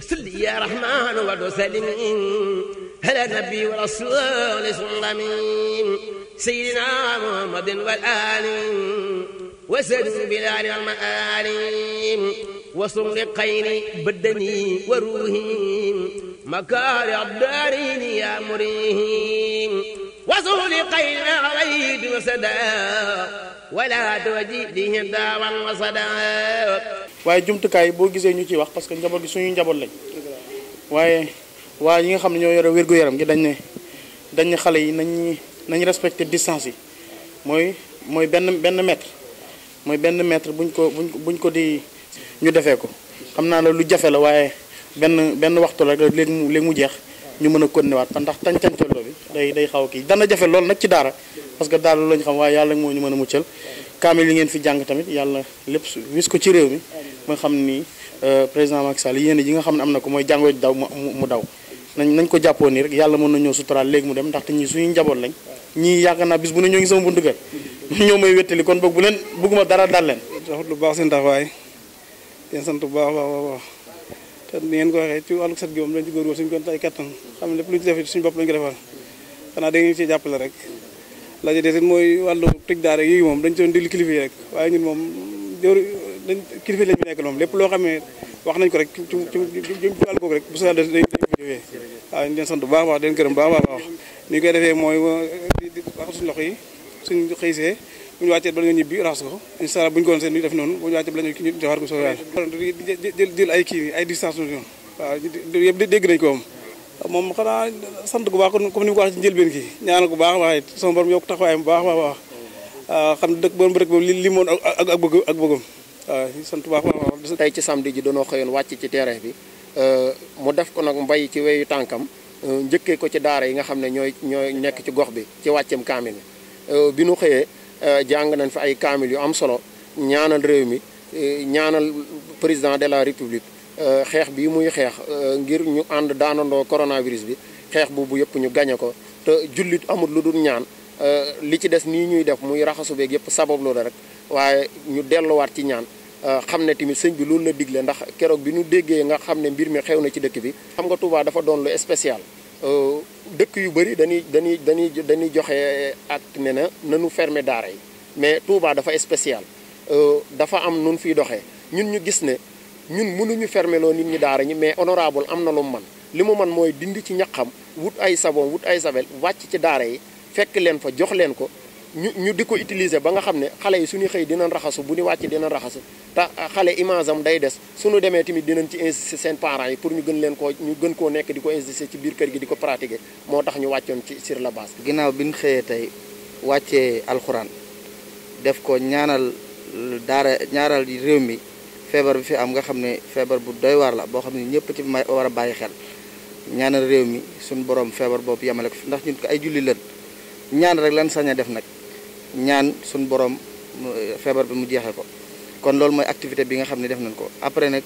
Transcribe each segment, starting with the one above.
وسل يا رحمن وسلم على النبي ورسول سلمين سيدنا محمد والآل وسلم بالآل والمآل وصل لقين بدني وروحي مكار الدارين يا مريم وصل لقين عبيد وسدا ولا توجيه دعوا وصدا waaye jumtukaay yi boo gisee ñu ciy wax parce que njaboot gi suñu njaboot lañ waaye waaye yi nga xam ne ñoo yore wér-gu-yaram gi dañ ne dañ ne xale yi nañ nañ respecté distance yi mooy mooy benn benn mètre mooy benn mètre buñ ko buñ buñ ko di ñu defee ko xam naa ne lu jafe la waaye benn benn waxtu la rek léegi mu léegi mu jeex ñu mën a continuer waat ndax tàncanteloo bi day day xaw a kii dana jafe lool nag ci daara parce que daara lañ xam waaye yàlla moo ñu mën a muccal kaamil yi ngeen fi jàng tamit yàlla lépp wis ko ci réew mi nga xam ni euh, président Macky Sall yéen yi nga xam ne am na ko mooy jàngoro daw mu daw nañ nañ ko jàppoon nii rek yàlla mën na ñëw suturaal léegi mu dem ndaxte ñii suñu njaboot lañ ñii yaakaar naa moom dañ ci góorgóor suñu lu ñu da ngeen ci jàppale rek laaj rek waaye ñun moom dañ kilifa lañ fi nekk moom lépp loo xam ne wax nañ ko rek ci wàll googu rek bu soobee dañ dañ ko defee waaw ñu leen sant ni ñu koy defee mooy di raxas suñu loxo yi suñ xëysee bu ñu wàccee bala nga ñibbi raxas ko bu ñu ko doon def noonu bu ñu wàccee bala ñu ñu defar ko soo yàlla jël jël ay kii ay distance noonu waaw yëpp dégg nañ ko moom moom xanaa sant gu baax comme ni mu ko waxee ci njëlbeen gi ñaan gu baax waaye sama borom yokk taxawaayam bu baax baax baax xam dëkk borom dëkk boobu li li moon ak ak bëgg ak bëggam Euh, sant baax tey ci samedi ji danoo xëyoon wàcc ci terrain bi euh, mu def ko nag mbay ci weyu tànkam euh, njëkkee ko ci daara yi nga xam ne ñooy ñooy nekk ci gox bi ci wàccem kaamil bi bi nu xëyee jàng nañ fa ay kaamil yu am solo ñaanal réew mi ñaanal président de la république xeex bi muy xeex ngir ñu ànd daanandoo coronavirus bi xeex boobu yëpp ñu gañe ko te jullit amul lu dul ñaan li ci des nii ñuy def muy raxasu beeg yëpp sabablu la rek waaye ñu delluwaat ci ñaan Euh, xam ne tamit sëñ bi loolu la digle ndax keroog bi ñu déggee nga xam ne mbir mi xew na ci dëkk bi xam nga Touba dafa doon lu spécial euh, dëkk yu bëri dañuy dañuy dañuy dañuy joxe ak ne na nanu fermer daara yi mais Touba dafa spécial euh, dafa am nun fiy doxe ñun ñu gis ne ñun mënuñu fermeloo nit ñi daara ñi mais honorable am na lu mu man li mu man mooy dind ci ñaxam wut ay savon wut ay savel wàcc ci daara yi fekk leen fa jox leen ko ñu ñu di ko utiliser ba nga xam ne xale yi suñu xëy dinañ raxasu bu ñu wàccee dinañ raxasu te ah, xale image day des suñu demee tamit dinañ ci insister seen parents yi pour ñu gën leen ko ñu gën koo nekk di ko insister ci biir kër gi di ko pratiquer moo tax ñu wàccoon ci sur la base. ginnaaw bi ñu xëyee tey wàccee alxuraan def ko ñaanal daara ñaanal réew mi feebar bi fi am nga xam ne feebar bu doy war la boo xam ne ñëpp ci may war a bàyyi xel ñaanal réew mi suñu borom feebar boobu yemale ko ndax ñun ko ay julli lën ñaan rek lan sañ def nag. ñaan suñu borom feebar bi mu jeexee ko kon loolu mooy activité bi nga xam ne def nañ ko après nag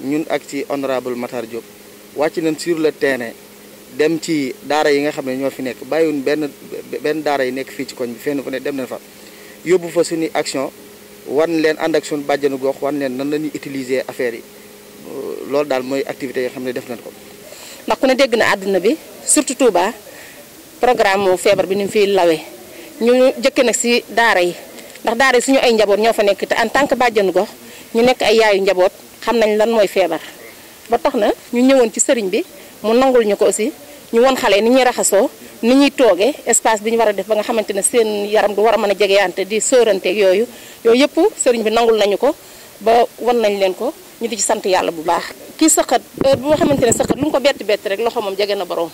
ñun ak ci honorable Matar jóg wàcc nañ sur le terrain dem ci daara yi nga xam ne ñoo fi nekk bàyyiwuñ benn benn daara yi nekk fii ci koñ bi fenn fu ne dem nañ fa yóbbu fa suñuy action wan leen ànd ak suñu bàjjanu gox wan leen nan la ñuy utiliser affaire yi euh, loolu daal mooy activité yi xam ne def nañ ko. ndax ku ne dégg na àdduna bi surtout Touba programme feebar ñu jëkke nag si daara yi ndax daara yi suñu ay njaboot ñoo fa nekk te en tant que bàjjanu ko ñu nekk ay yaayu njaboot xam nañ lan mooy feebar ba tax na ñu ñëwoon ci sëriñ bi mu nangul ñu ko aussi ñu won xale ni ñuy raxasoo ni ñuy toogee espace bi ñu war a def ba nga xamante ne seen yaram du war a mën a jegeyante di sóoranteeg yooyu yooyu yëpp sëriñ bi nangul nañu ko ba wan nañ leen ko ñu di ci sant yàlla bu baax kii sëqat heure bu nga xamante ne sëqat lu ko bett bett rek loxo moom jege na borom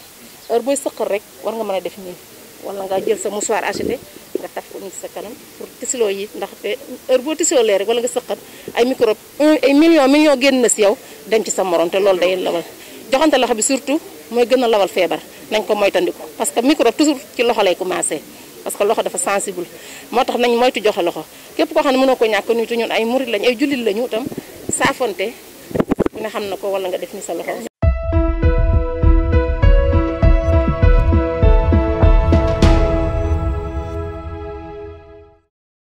heure booy sëqat rek war nga mën def nii wala ngaa jël sa mouchoir acheté nga taf ko nii sa kanam pour tisloo yi ndaxte eh, heure boo tisloo lee rek wala nga sëqat ay microbe ay million million génn na si yow dem ci sa morom te lool day lawal joxante loxo bi surtout mooy gën a lawal feebar nañ ko moytandiku parce que microbe toujours ci loxo lay commencé parce que loxo dafa sensible moo tax nañ moytu joxe loxo képp koo xam ne mënoo ko ñàkk nitu ñun ay murit lañ ay jullit lañu itam saafonte nga xam na ko wala nga def ni sa